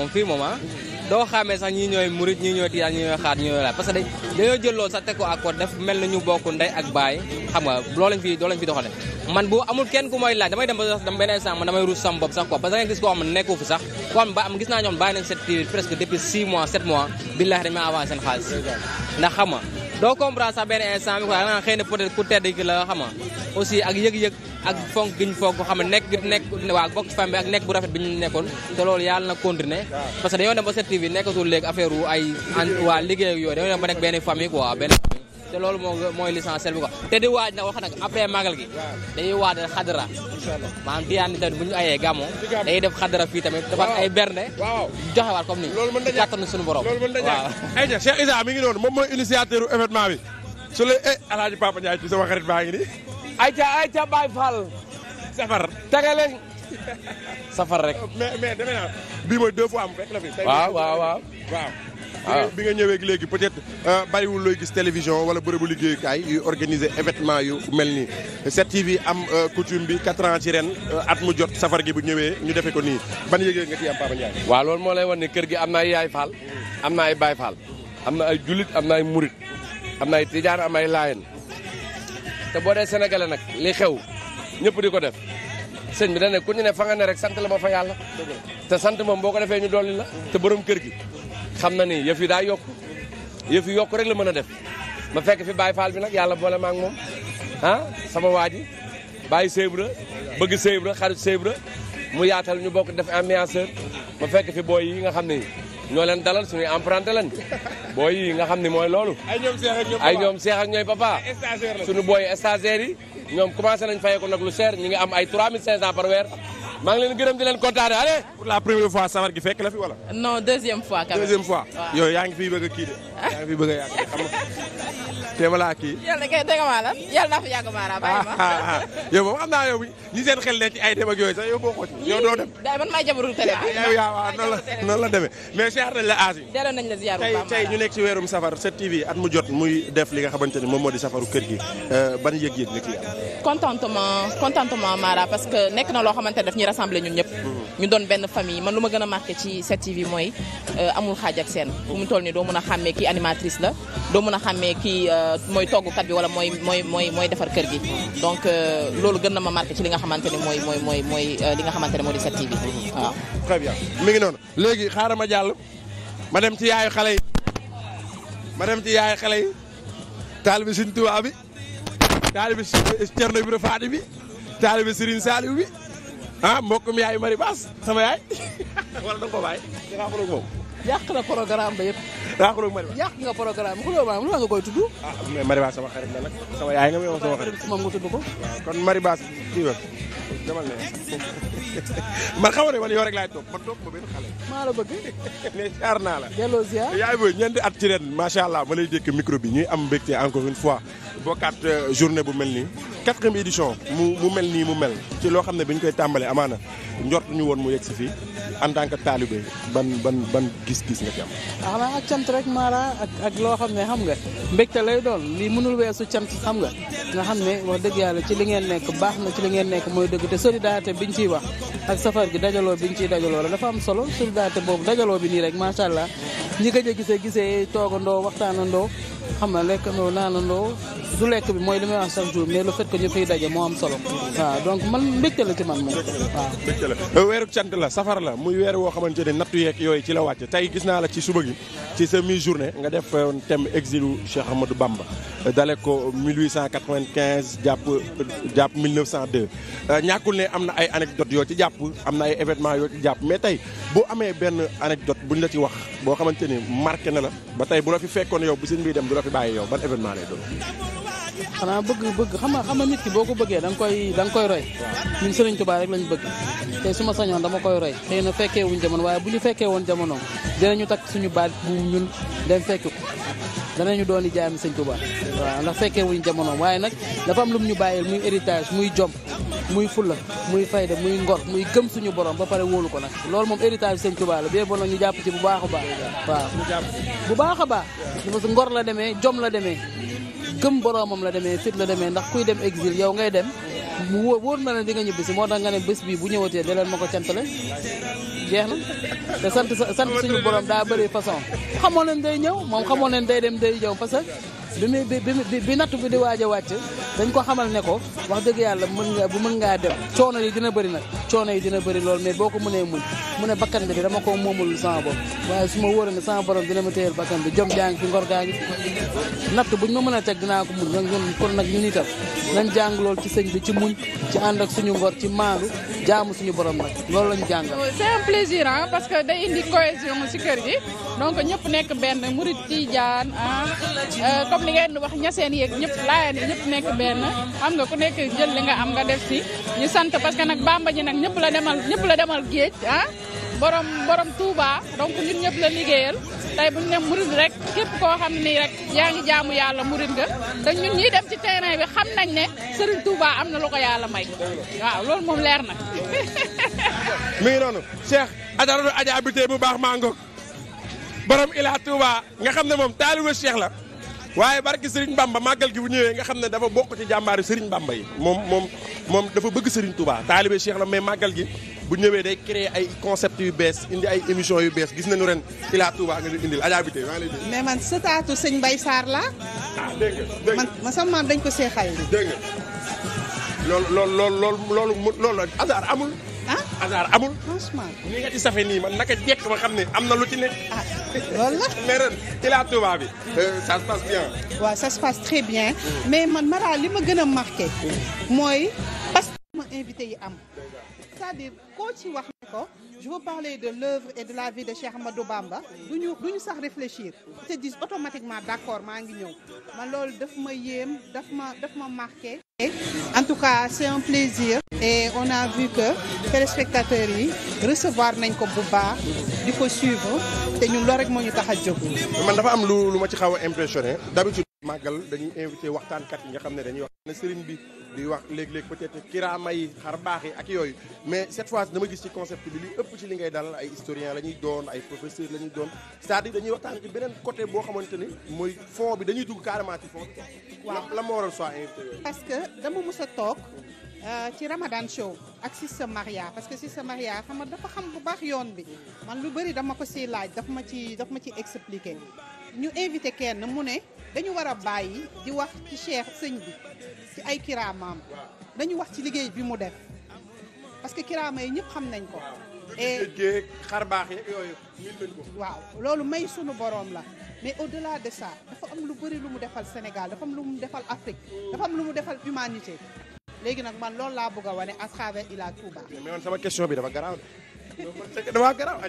moom fii moom ah doo xaamee sax ñii ñooy murit ñii ñooy tiyaan ñii ñooy xaat ñooy laaj parce dañoo jël loolu sax teg ko accord def mel na bokk ndey ak baay xam nga loolu doxale man bu amul kenn ku may laaj damay dem ba sax damay ruus sama bopp sax quoi parce nga gis koo xam ne nekkoo sax koo xam ne ba am gis naa ñoom bàyyi nañ set presque depuis 6 mois 7 mois billahi dañ ma avancé seen xaalis ndax xam doo comprendre sax benn instant bi quoi da nga xëy ku tedd ki la xam aussi ak yëg-yëg ak fonk gi fonk ko nekk nekk waa bokk famille ak nekk bu rafet bi ñu nekkoon te loolu yàlla na continuer parce que dañoo dem ba 7TV nekkatul léegi affaire wu ay waa liggéey yooyu dañoo dem ba nekk benn famille quoi benn te loolu moo mooy l'essentiel bi te di waaj nag wax nag après magal gi dañuy waaj xadara maanaam diyaan ni tamit bu ñu ayee gàmmu dañuy def xadara fii tamit dafa ay berne joxewaat comme nii kàttanu suñu borom waaw ayca Cheikh Issa mi ngi noonu moom mooy initiateur événement bi su lay eh alaaji Papa Ndiaye ci sama xarit baa ngi ni ayca ayca Baye Fall safar tagale safar rek mais mais bii mooy deux fois am rek la fi waaw waaw Ah. bi nga ñëwee léegi peut-être euh, bariwul looy gis télévision wala bërëbu liggéeyukaay yu organiser événement yu mel ni 7TV am euh, coutume bi 4 ans ci ren euh, at mu jot safar gi bu ñëwee ñu defee ko nii ban yëg nga ci am Papa Ndiaye. waaw loolu moo lay wan kër gi am na ay yaay faal am na ay baay faal am na ay jullit am na ay murit am na ay tijaan am ay laayen te boo dee sénégalais nag li xew ñëpp di ko def sëñ bi da ne ñu ne fa nga ne rek sant la ma fa yàlla te sant moom boo ko defee ñu dolli la te borom kër gi xam na ni yëf yi daa yokk yëf yokk rek la mën a def ma fekk fi Baye Fall bi nag yàlla boole ma moom ah sama waa ji Baye Sèvres bëgg Sèvres xarit Sèvres mu yaatal ñu bokk def ambianceur ma fekk fi booy yi nga xam ne ñoo leen dalal suñuy emprunté leen booy yi nga xam ni mooy loolu. ay ñoom seex ak ñooy papa suñu booy stagiaires yi ñoom commencé nañ fayee ko nag lu seer ñu am ay 3500 par weer. maa ngi leen gërëm di leen kontaane allez. pour la première fois sawar gi fekk la fi wala. non deuxième fois. quand même deuxième fois. waaw yow yaa ngi fiy bëgg a kii de. yaa ngi fiy bëgg a yàgg xam nga te balaa kii. yàlla kay dëgg maa la yàlla naa fi yàgg maa la bàyyi ma. Ah, ah, ah. yow moom xam naa yow ñi seen xel nekk ci ay dem ak yooyu sax yow boo ko ci yow doo dem. day man maa jabarul télé bi. yow yaa waaw noonu la noonu la demee mais ziar nañ la aasi. delloo nañ la ziar bu baax tey tey ñu nekk ci weerum safar 7TV at mu jot muy def li nga xamante ni moom moo di safaru kër gi euh, ban yëg-yëg nga ci am. contentement contentement Mara parce que nekk na loo xamante ne daf ñu rassemblé ñun ñëpp. ñu doon benn famille man lu ma gën a marqué ci 7TV mooy euh, amul xaaj ak seen. fu mu toll nii doo mën a xàmmee ki animatrice la doo mën a xàmmee ki euh, mooy toggukat bi wala mooy mooy mooy mooy defar kër gi. donc euh, loolu gën na ma marqué ci li nga xamante ne mooy mooy mooy mooy li nga xamante ne moo di 7TV waaw. très bien mi ngi noonu léegi xaaral ma jàll ma dem ci yaayu xale yi ma dem ci yaayu xale yi. taalibi Sëriñ Tuubaa bi taalibi Cerno Ibra bi taalibi Sëriñ bi. ah mbokkum yaay Marie Bass sama yaay wala da nga ko bàyyi da ngaa xulóog moom. yàq na programme ba yëpp. da ngaa xulóog Marie Bass yàq nga programme xulóo maanaam lu nga koy tudd. ah mais Marie Bass sama xarit la nag sama yaay nga ma yow sama xarit. moom nga tudd ko. kon Marie Bass kii demal ne man xaw ma ne man yow rek laay topp man topp ma benn xale. maa la bëgg. mais jaar naa la. delloo yaay booy ñeenti at ci ren macha allah ma lay dékk micro bi ñuy am mbégte encore une fois bokkaat euh, journée bu mel nii. quatrième édition mu mu mel nii mu mel ci loo xam ne bi ñu koy tàmbalee amaana njort ñu woon mu yegg si fii. en tant que taalibe ban ban ban gis-gis nga ci am. waaw ah, ak cant rek Mara ak loo xam ne xam nga mbégte lay doon lii mënul weesu cant xam nga nga xam ne wax dëgg yàlla ci li ngeen nekk baax na ci li ngeen nekk mooy dëgg te bi biñ ciy wax ak safar gi dajaloo biñ ciy dajaloo la dafa am solo solidarité boobu dajaloo bi nii rek macha allah ñi gëj a gisee gisee toogandoo waxtaanandoo xam nga lekkandoo naanandoo. du lekk bi mooy li may wax chaque jour mais le fait que ñu fiy daje moo am solo waaw donc man mbégte la ci man moom waaw euh, weeru cant la safar la muy weer woo xamante ne nattu yeeg yooyu ci la wàcc tey gis naa la ci suba gi ci sa mi journée nga def euh, thème exilu Cheikh Ahmadou Bamba euh, dale ko 1895 jàpp jàpp 1902 ñàkkul ne am na ay anecdote yoo ci jàpp am na ay événement yoo ci jàpp mais tey bu amee benn anecdote buñ la ci wax boo xamante ni marqué na la ba tey bu la fi fekkoon yow bu seen bii dem du la fi bàyyi yow lay doon xanaa bëgg bëgg xam nga nit ki boo ko bëggee da nga koy da nga koy roy ñun Sëriñ Tuubaa rek lañu bëgg te su sañoon dama koy roy xëy na fekkee wuñ jamono waaye bu ñu fekkee woon jamono dinañu takk suñu baat bu ñun dem fekk ko danañu doon di jaam Sëriñ Tuubaa waaw ndax fekkee wuñ jamono waaye nag dafa am lu ñu bàyyil muy héritage muy jom muy fulla muy fayda muy ngor muy gëm suñu borom ba pare wóolu ko nag loolu moom héritage Sëriñ Tuubaa la bee bon ñu jàpp ci bu baax baax waaw bu baax a baax ngor la demee jom la demee gëm boroomam la demee fit la demee ndax kuy dem exil yow ngay dem mu wóor na leen di nga si moo tax nga ne bés bi bu ñëwatee da leen ma ko cantale jeex na te sant sant suñu borom daa bëri façon xamoo leen day ñëw moom xamoo leen day dem day ñëw parce que bi bi bi natt bi di waaj a wàcc dañ ko xamal ne ko wax dëgg yàlla mën nga bu mën ngaa dem coono yi dina bëri nag coono yi dina bëri lool mais boo ko mënee muñ mu ne bakkan bi dama ko moomul sama bopp waaye su ma wóoree ne sama borom dina ma téyel bakkan bi jom jaa ngi fi ngor gaa ngi natt buñ ma mën a teg dinaa ko muñ nag ñun itam nañ jàng lool ci sëñ bi ci muñ ci ànd ak suñu ngor ci maandu jaamu suñu borom nag loolu lañ jàngal. Oh, c'est un plaisir ah parce que day indi cohésion si kër gi donc ñëpp nekk benn murit tijaan ah comme li ngeen wax ña seen ñëpp laayeen yi ñëpp nekk benn xam nga ku nekk jël li am nga def si sant parce que nag bamba ji nag ñun la demal ñëpp la demal géej ah borom borom Touba ñun ñëpp la liggéeyal tey bu ñu ne murid rek képp koo xam ni rek yaa ngi jaamu yàlla murid ga te ñun ñuy dem ci terrain bi xam nañ ne Serigne Touba am na lu ko yàlla may waaw lool moom leer na. mi ngi noonu Cheikh Ajaratu Adja Abité bu baax maa ngoog borom Ila Touba nga xam ne moom taaliba Cheikh la. waaye barki Serigne Bamba màggal gi bu ñëwee nga xam ne dafa bokk ci jàmbaaru Serigne Bamba yi moom moom moom dafa bëgg Serigne Touba taalibe Cheikh la mais màggal gi bu ñëwee day créer ay concept yu bees indi ay émission yu bees gis nañu ren Ila Touba nga ñu indil Adja Bité maa ngi lay mais man sëtaatu sëñ Mbaye Sarr la ah man dañ ko seexal. dégg nga loolu lool loolu loolu loolu loolu hasard amul. ah hasard amul. franchement ni nga ci safe nii man naka jekk ba xam ne am na lu ci nekk. ah loolu la. mais ren ci la Touba bi. Euh, ça se passe bien. waaw ça se passe très bien. mais man Mara li ma gën a marqué. Mm. mooy parce rythme invité yi am c'est-à-dire koo ci wax ne ko je veux parler de l'œuvre et de la vie de Cheikh Ahmadou Bamba duñu duñu sax réfléchir te dis automatiquement d'accord maa ngi ñëw man loolu daf ma yéem daf ma daf ma marqué en tout cas c'est un plaisir et on a vu que téléspectateurs yi recevoir nañ ko bu baax di ko suivre te ñun loolu rek moo ñu tax a jóg man dafa am lu lu ma ci xaw a impressionné d'habitude màggal dañuy invité waxtaankat yi nga xam ne dañuy wax ne bi di wax léeg-léeg peut-être kiraama yi xar baax yi ak yooyu mais cette fois dama gis ci concept bi li ëpp ci li ngay dal ay historien la ñuy doon ay professeur la ñuy doon c'est-à-dire dañuy waxtaan ci beneen côté boo xamante ni mooy fond bi dañuy dugg carrément ci fond waaw la ma waral soit invité parce que dama mës a toog euh, ci Ramadan show ak Sister Maria parce que Sister Maria xam nga dafa xam bu baax yoon bi man lu bëri dama ko siy laaj daf ma ci daf ma ci expliquer ñu invité kenn mu ne dañu war a bàyyi di wax ci cheikh sëñ bi ci ay kiraamaam dañu wax ci liggéey bi mu def parce que kiraama yi ñëpp xam nañ ko et xar baax yooyu waaw loolu may sunu boroom la mais au delà de ça dafa am lu bëri lu mu defal Sénégal dafa am lu mu defal Afrique dafa am lu mu defal humanité léegi nag man loolu laa bëgg wane à travers Ila Touba mais sama question bi dafa garaaw de dafa garaaw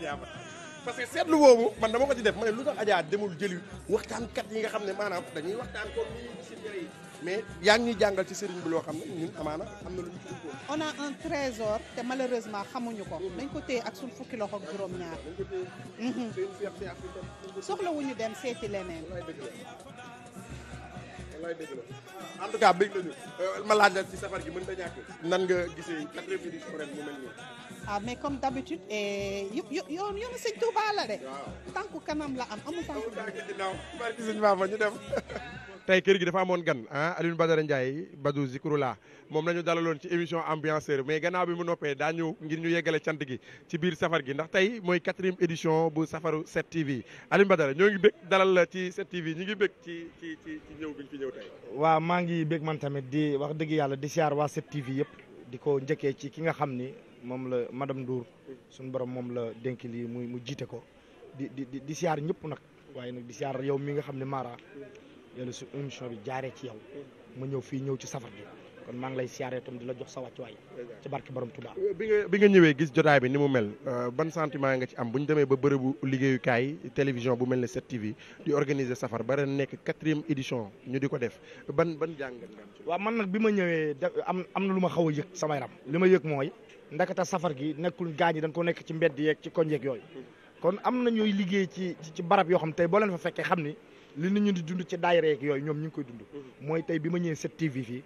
parce que seetlu boobu man damoo ko ci def ma ne lu tax Adja demul jëli waxtaankat ñi nga xam ne maanaam dañuy waxtaan ko ni si njëriñ mais yaa ngi ñuy jàngal ci sëriñ bi loo xam ne ñun amaana am na lu ñu ci on a un trésor te malheureusement xamuñu ko. dañ ko téye ak suñu fukki loxo ak juróom-ñaar. Mhm. soxlawuñu dem seeti leneen. wallaay dëgg la a tout cas bëgg nañu euh, ma laaj la ci safar gi mën ta ñàkk nan nga gisee quatrième édition ren mu mel nii ah mais comme d'habitude yëpp yoon yoonu sëñ Touba la kanam la am amul tànku ginnaaw barki sëñ Bamba ñu dem tey kër gi dafa amoon gan ah Badara Ndiaye Badou Zikroula moom la ñu dalaloon ci émission ambianceur mais gannaaw bi mu noppee daa ñëw ngir ñu yeggale cant gi ci biir safar gi ndax tey mooy quatrième édition bu safaru 7 TV Alioune Badara ñoo ngi bég dalal la ci 7 TV ñu ngi bég ci ñëw bi ñu tey. waaw maa ngi bég man tamit di wax dëgg yàlla di siyaar waa 7 TV yëpp di ko njëkkee ci ki nga xam ni moom la madame Ndour suñu borom moom la dénk lii muy mu jiite ko di di ñëpp nag yàlla su émission bi jaaree ci yow ma ñëw fii ñëw ci safar bi kon maa ngi lay siyaaree itam di la jox sa wàccuwaay ci barke borom Touba. bi nga bi nga ñëwee gis jotaay bi ni mu mel euh, ban sentiment nga ci am bu ñu demee ba bërëbu liggéeyukaay télévision bu mel ne set tv di organiser safar ba nekk quatrième édition ñu di ko def ban ban jàngat nga am. waaw bi ma ñëwee am am na lu ma xaw a sama yaram li ma yëg mooy ndakata safar gi nekkul gaañ yi dañ ko nekk ci mbedd yeeg ci koñ yeeg yooyu hmm. kon am na ñooy liggéey ci ci barab yoo xam tey boo leen fa fekkee xam ni li nit ñu di dund ci daayira yeeg yooyu ñoom ñu ngi koy dund. mooy tey bi ma ñëwee 7TV fii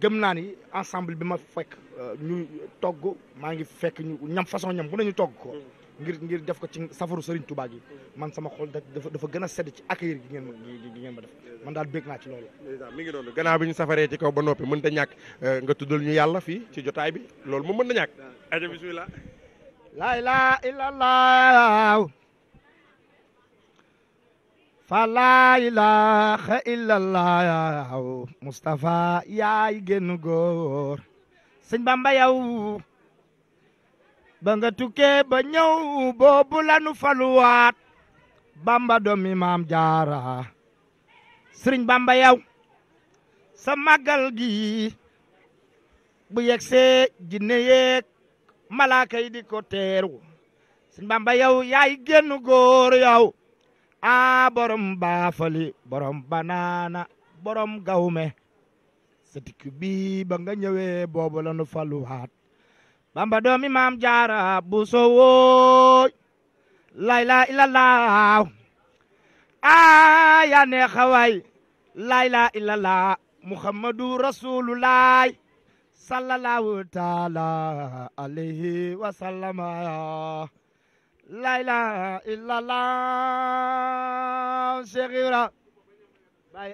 gëm naa ni ensemble bi ma fekk euh, ñu togg maa ngi fekk ñu ñam façon ñam bu nañu togg ko. ngir ngir def ko ci safaru Serigne tubaab yi man sama xol dafa dafa gën a sedd ci accueil gi ngeen ma gi ngeen ma def man daal bég naa ci loolu. mi ngi noonu bi ñu safaree ci kaw ba noppi mën ta ñàkk euh, nga tuddal ñu yàlla fii ci jotaay bi loolu moom mën na ñàkk. aja bismillah. la ilaha illallah. fala ilaha illallah Mustafa yaay génn góor sëñ Bamba yow ba nga tukkee ba ñëw boobu lanu faluwaat Bamba doomi maam jaara sëriñ Bamba yow sa màggal gi bu yegsee jinne yeeg malaaka di ko teeru sëñ Bamba yow yaay génn góor yow a borom baafali borom banaana borom gawme sa dikk bii ba nga ñëwee boobu la nu faluwaat bamba doomi maam jaara bu sowooy lay laa ilalaaw yaa neex a waay lay laa ilalaa muhammadu rasululaay la ilaha illallah Cheikh Ibra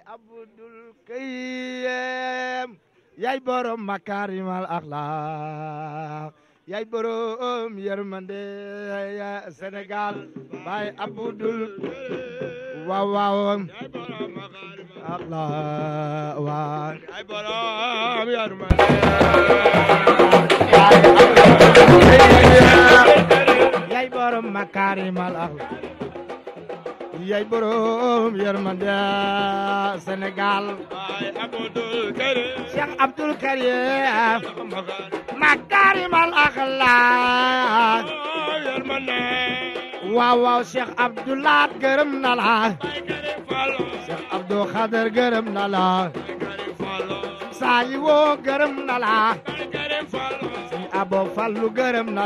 Abdul Karim yaay borom makarimal akhlaq yaay borom yërmande ya Sénégal Baay Abdul waaw waaw Allah waaw yaay borom makaarimal axlaq gërëm na la gërëm na la Saliou Fallu gërëm na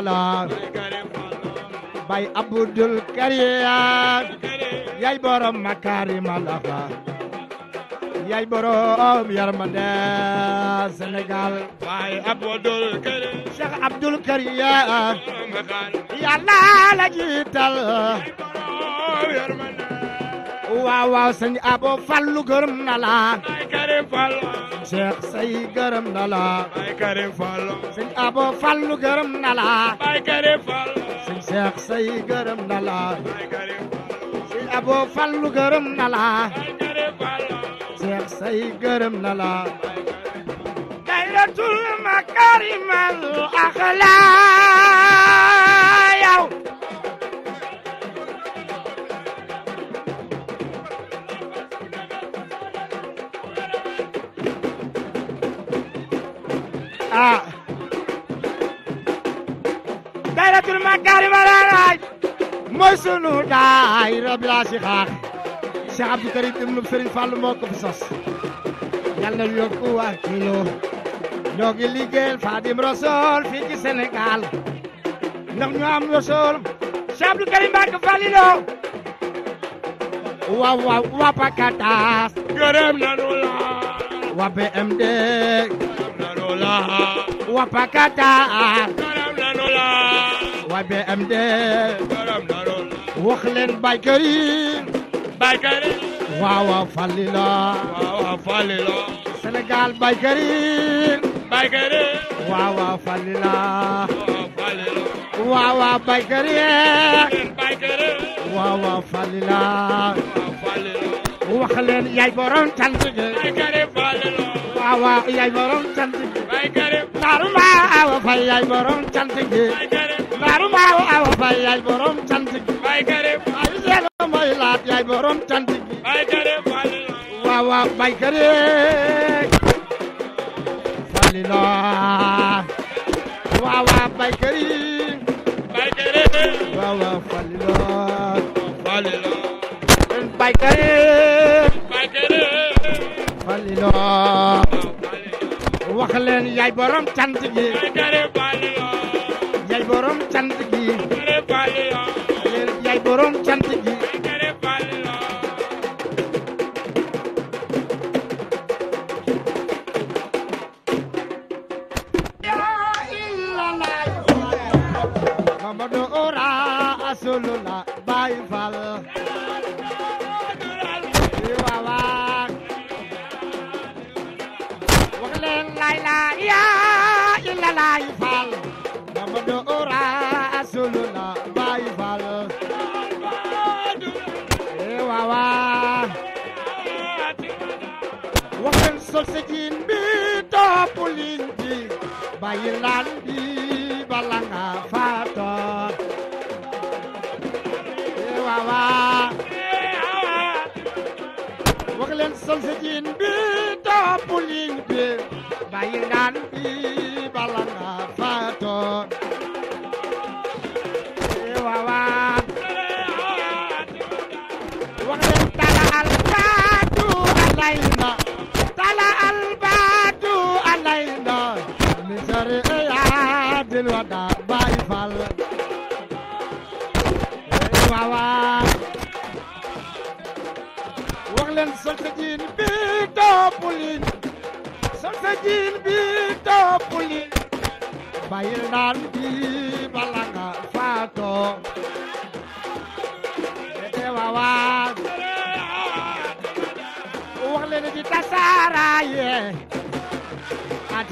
bay abdul karim yaay borom makarimal axlaq yaay borom yërmande Sénégal bay abdul karim Cheikh abdul karim yàlla la jiital waaw waaw sëñ abo fallu gërëm na la bay karim fallu cheikh say gërëm na la bay karim fallu sëñ abo fallu gërëm na la bay karim fallu sëñ cheikh say gërëm na la bay karim fallu sëñ abo fallu gërëm na la bay karim fallu cheikh say gërëm na la dayratul makarimal axlaq ah dayratul makaarim al laaj mooy sunu daayira bi laa si xaar Cheikh Abdou Karim ibnu Serigne moo ko fi sos yal na yokku waa kilo ñoo ngi liggéeyal Fadim Rasool fii ci Sénégal ndax ñu am Rasool Cheikh Abdou Karim Mbacke Fallilo waaw waaw waa Pakatas gërëm nanu la wa PMD garam nanu wa Pakata wa PMD garam nanu wax leen baykat yi baykat yi waaw waaw fàlli la waaw waaw fàlli la Sénégal wax leen yaay borom cant gi waaw waaw yaay borom cant gi mbaaru mbaa awa fay yaay borom cant gi mbaaru mbaa awa fay yaay borom cant gi waaye seen mooy laat yaay borom cant gi waaw waaw bay kare falilo waaw waaw bay kare waaw waaw falilo falilo bay kare Fallilo wax leen yaay borom cant gi yaay joxal sa jiin bi topp liñ ji bàyyi laan bi bala nga faatoor eh, waawaa wax leen sol jiin bi topp liñ bi bàyyi laan bi bala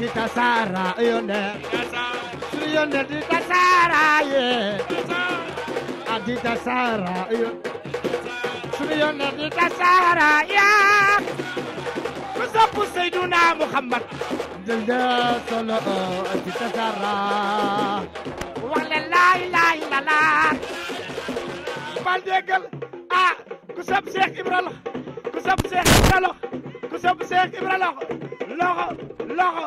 di tasaara yónnee su yónnee di tasaara yee a di tasaara yónnee su yónnee di tasaara yaa ku sopp Seyduna Muhammad jël de solo eh, a di tasaara walla laa ilaaha illallaah bal déggal ah ku sopp Seex Ibra la ku sopp Seex Ibra la ku sopp Seex Ibra la loxo loxo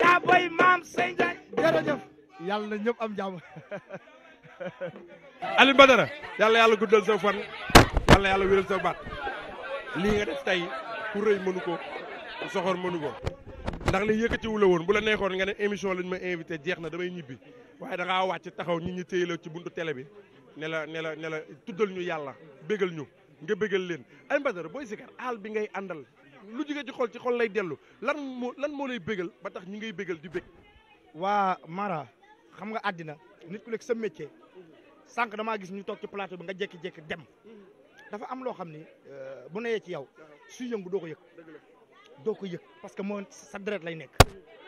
daa boy maam sëñ Ndiaye jërëjëf yàlla na ñëpp am jàmm Alioune Badara yàlla yàlla guddal sa fan yàlla yàlla wéral sa baat lii nga def tey ku rëy mënu ko soxor mënu ko ndax li yëkkatiwu la woon bu la neexoon nga ne émission lañ ma invité jeex na damay ñibbi waaye da wàcc taxaw nit ñi téye la ci buntu tele bi ne la ne la ne tuddal ñu yàlla bégal ñu nga bégal leen Alioune Badara booy sikar aal bi ngay àndal lu jógee ci xol ci xol lay dellu lan moo lan moo lay bégal ba tax ñi ngay bégal di bég waa Mara xam nga àddina nit ku nekk sa métier sànq damaa gis ñu toog ci plateau bi nga jékki-jékki dem dafa am loo xam ni euh, bu neyee ci yow su yëngu doo ko yëg doo ko yëg parce que moo sa lay nekk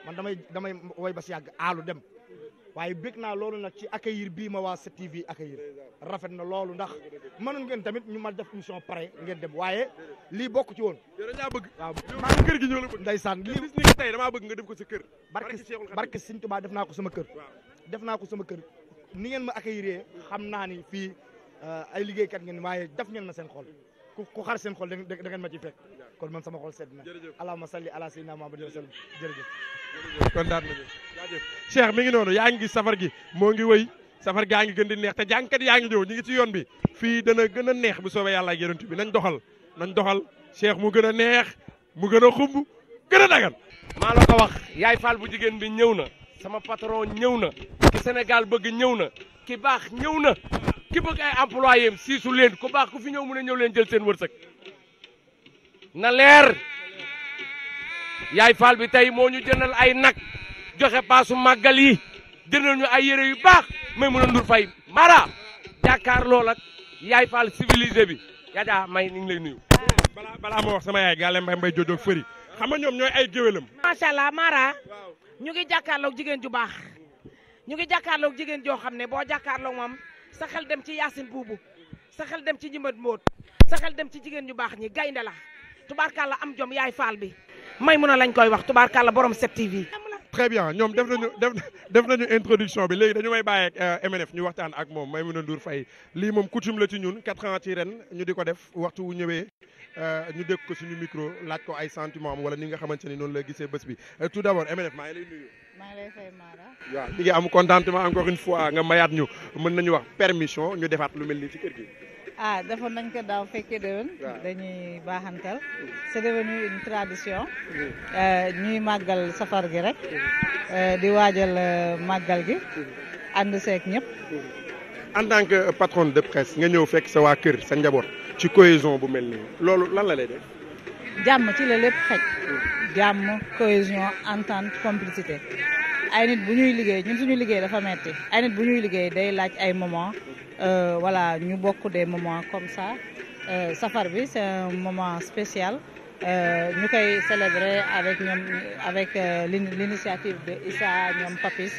man damay damay way ba si yàgg aalu dem waaye bég naa loolu nag ci accueillir bii ma waa 7TV accueillir rafet na loolu ndax mënoon ngeen tamit ñu ma def émission pare ngeen dem waaye lii bokk ci woon. yow bëgg. waaw maa ngi kër gi ñëw la bëgg. damaa bëgg nga def ko sa kër. barke barke Sëñ Tuubaa def naa ko sama kër. def naa ko sama kër ni ngeen ma accueillir xam naa ni fii euh, ay liggéeykat ngeen waaye daf ngeen ma seen xol. ku xar seen xol da ngeen ma ci fekk kon man sama xol sedd na allahumma salli ala sayyidina muhammad wa sallam jërëjëf kon daan nañu jaajëf cheikh mi ngi noonu yaa ngi gis safar gi moo ngi wëy safar gaa ngi gën di neex te jàngkat yaa ngi ñëw ñu ngi ci yoon bi fii dana gën a neex bu soobee yàlla ak yonent bi nañ doxal nañ doxal cheikh mu gën a neex mu gën a xumb gën a dagan maa la ko wax yaay faal bu jigéen bi ñëw na sama patron ñëw na ki Sénégal bëgg ñëw na ki baax ñëw na ki bëgg ay employé am siisu leen ku baax ku fi ñëw mu ne ñëw leen jël seen wërsëg na leer yaay faal bi tey moo ñu jëndal ay nag joxe paasu màggal yi jëndal ñu ay yére yu baax may mën a fay mara jàkkaarloo ak yaay faal civilisé bi yaaja may ni ngi lay nuyu balaa balaa ma wax sama yaay gaale mbay mbay fëri xam nga ñoom ñooy ay géwélam macha allah mara ñu ngi jàkkaarloog jigéen ju baax ñu ngi jàkkaarloog jigéen joo xam ne boo jàkkaarloog moom sa xel dem ci yaasin buubu sa xel dem ci ñimat moot sa xel dem ci jigéen ñu baax ñi gaynde la tubaarkàlla am jom yaay faal bi may mun a lañ koy wax tubaar tubaarkàlla borom 7TV très bien ñoom def nañu def def nañu introduction bi léegi dañu may bàyyi ak euh, MNF ñu waxtaan ak moom may a Ndour Faye lii moom coutume la ci ñun quatre ans ci ren ñu di ko def waxtu wu ñëwee euh, ñu dégg ko suñu micro laaj ko ay sentiment am wala ni nga xamante ni noonu laa gisee bës bi euh, tout d' abord MNF maa ngi lay nuyu. maa ngi am contentement encore une fois nga mayaat ñu mën nañu wax permission ñu defaat lu mel nii ci kër gi. ah defoon nañ ko daaw fekkee déwén dañuy baaxantal mm. c'est devenu une tradition mm. euh, ñuy màggal safar gi rek mm. euh, di waajal euh, màggal gi ànd seeg ñëpp en tant que patron de presse nga ñëw fekk sa waa kër sa njaboot ci cohésion bu mel nii loolu lan la lay def jàmm ci la lépp xej jàmm cohésion entente complicité ay nit bu ñuy liggéey ñun suñu liggéey dafa metti ay nit bu ñuy liggéey day laaj ay moment Euh, voilà ñu bokk de moment comme ça euh, safar bi c'est un moment spécial euh, ñu koy célébrer avec ñoom avec l'initiative de Issa ñoom Papis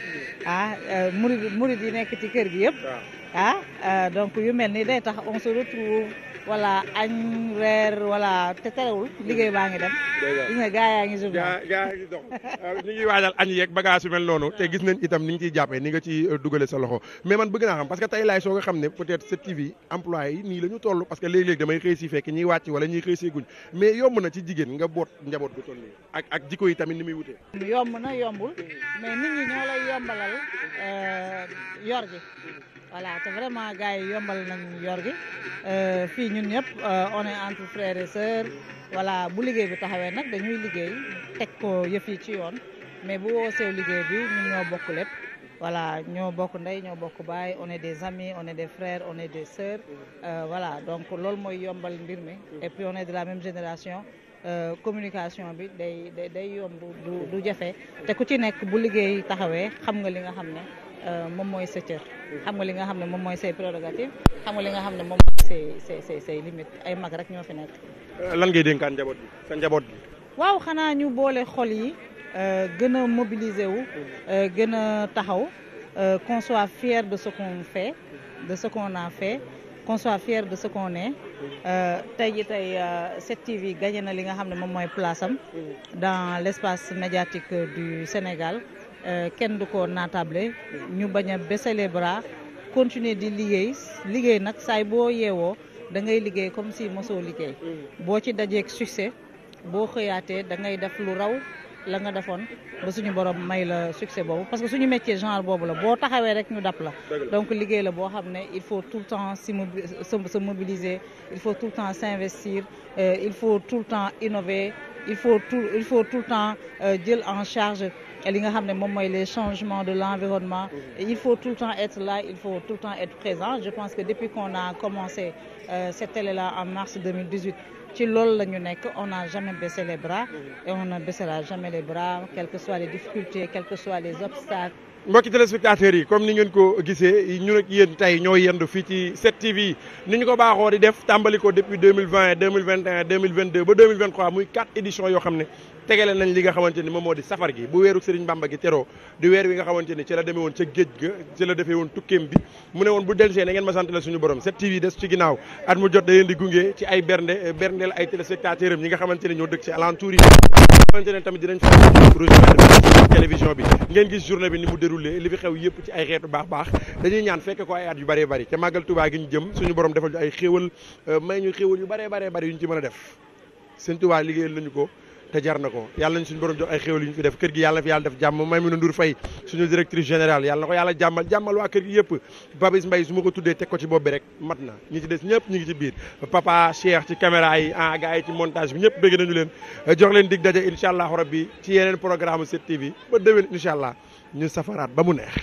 ah murid murid yi nekk ci kër gi yëpp ah euh, donc yu mel ni day tax on se retrouve voilà añ reer voilà te terewul liggéey baa ngi dem. gis nga gaa yaa ngi suñu gaa ngi dox euh, ñu ngi waajal añ yeeg bagage yu mel noonu. te gis nañ itam ni nga ciy jàppee ni nga ci euh, dugale sa loxo. mais man bëgg naa xam parce que tey laay soo nga xam ne peut-être cette TV employé yi nii la ñu toll parce que léeg-léeg damay xëy si fekk ñiy wàcc wala ñiy xëy si mais yomb na ci jigéen nga boot njaboot gu toll nii ak ak jikko yi tamit ni muy wutee. yomb na yombul voilà te vraiment gars yi yombal nañu yor gi euh, fii ñun ñëpp euh, on est entre frères et sœurs voilà bu liggéey bi taxawee nag dañuy liggéey teg ko yëf yi ci yoon mais bu woosee liggéey bi ñun ñoo bokk lépp voilà ñoo bokk ndey ñoo bokk baay on des amis on est des frères on des sœurs euh, donc lool mooy yombal mbir mi et puis on de la même génération euh, communication bi day day day yomb du du jafe te ku ci nekk bu liggéey taxawee xam nga li nga xam ne Euh, moom mooy sa cër xam nga li nga xam ne moom mooy say prérogative xam nga li nga xam ne moom mooy say say say say limite ay mag rek ñoo fi nekk lan ngay dénkaan sa njaboot bi waaw xanaa ñu boole xol yi euh, gën a mobiliser wu euh, gën a taxaw qu'on soit de ce qu'on fait a fait qu'on soit de ce qu'on est tey ji tey 7TV na li nga xam ne moom mooy place am mm-hmm. dans l'espace médiatique du Sénégal Euh, kenn du ko naatable ñu bañ a baisser les bras continuer di liggéey liggéey nag saay boo yeewoo dangay liggéey comme si mosoo liggéey boo ci dajeek succès boo xëyaatee da ngay def lu raw la nga defoon ba suñu borom may la succès boobu parce que suñu métier genre boobu la boo taxawee rek ñu dab la donc liggéey la boo xam ne il faut tout le temps si mobiliser il faut tout le temps euh, tout le temps innover il faut tout il faut tout le temps euh, jël en charge li nga xam ne moom mooy les changements de l'environnement il faut tout le temps être là il faut tout le temps être présent je pense que depuis qu'on a commencé euh, cette télé-là en mars 2018 ci loolu la ñu nekk on n'a jamais baissé les bras et on ne baissera les bras quelles que soient les obstacles mbokki téléspectateurs yi comme ni ngeen ko gisee ñu ak yéen tey ñoo yendu fii ci 7TV ni ñu ko baaxoo di def tàmbali ko depuis 2020 xam ne tegale nañ li nga xamante ni moom moo di safar gi bu weeru Serigne Bamba gi teroo di weer wi nga xamante ni ci la demee woon ca géej ga ci la defee woon tukkeem bi mu ne woon bu delsee na ma sant la suñu borom 7TV des ci ginnaaw at mu jot da leen di gunge ci ay bernde berndeel ay téléspectateurs am ñi nga xamante ni ñoo dëkk ci alentour yi xamante ne tamit dinañ fa rejoindre télévision bi ngeen gis journée bi ni mu déroulé li fi xew yëpp ci ay xeetu baax baax dañuy ñaan fekk ko ay yu bëree bëri te màggal Tuubaa gi suñu borom defal ay xéewal euh, may ñu xéewal yu bëree bëree bëri yu ñu ci mën a def seen Tuubaa liggéeyal nañu ko te jar na ko yàlla nañ suñ borom jox ay xew yu ñu fi def kër gi yàlla na fi yàlla def jàmm Maimouna Ndour Faye suñu directrice générale yàlla na ko yàlla jàmmal jàmmal waa kër gi yëpp ma ko tuddee teg ko ci bopp bi rek mat na ñi ci des ñëpp ñu ngi ci biir papa Cheikh ci caméra yi ah gars yi ci montage bi ñëpp bëgg nañu leen jox leen dig daje incha allah bi ci yeneen programme 7TV ba déwén incha allah ñu safaraat ba mu neex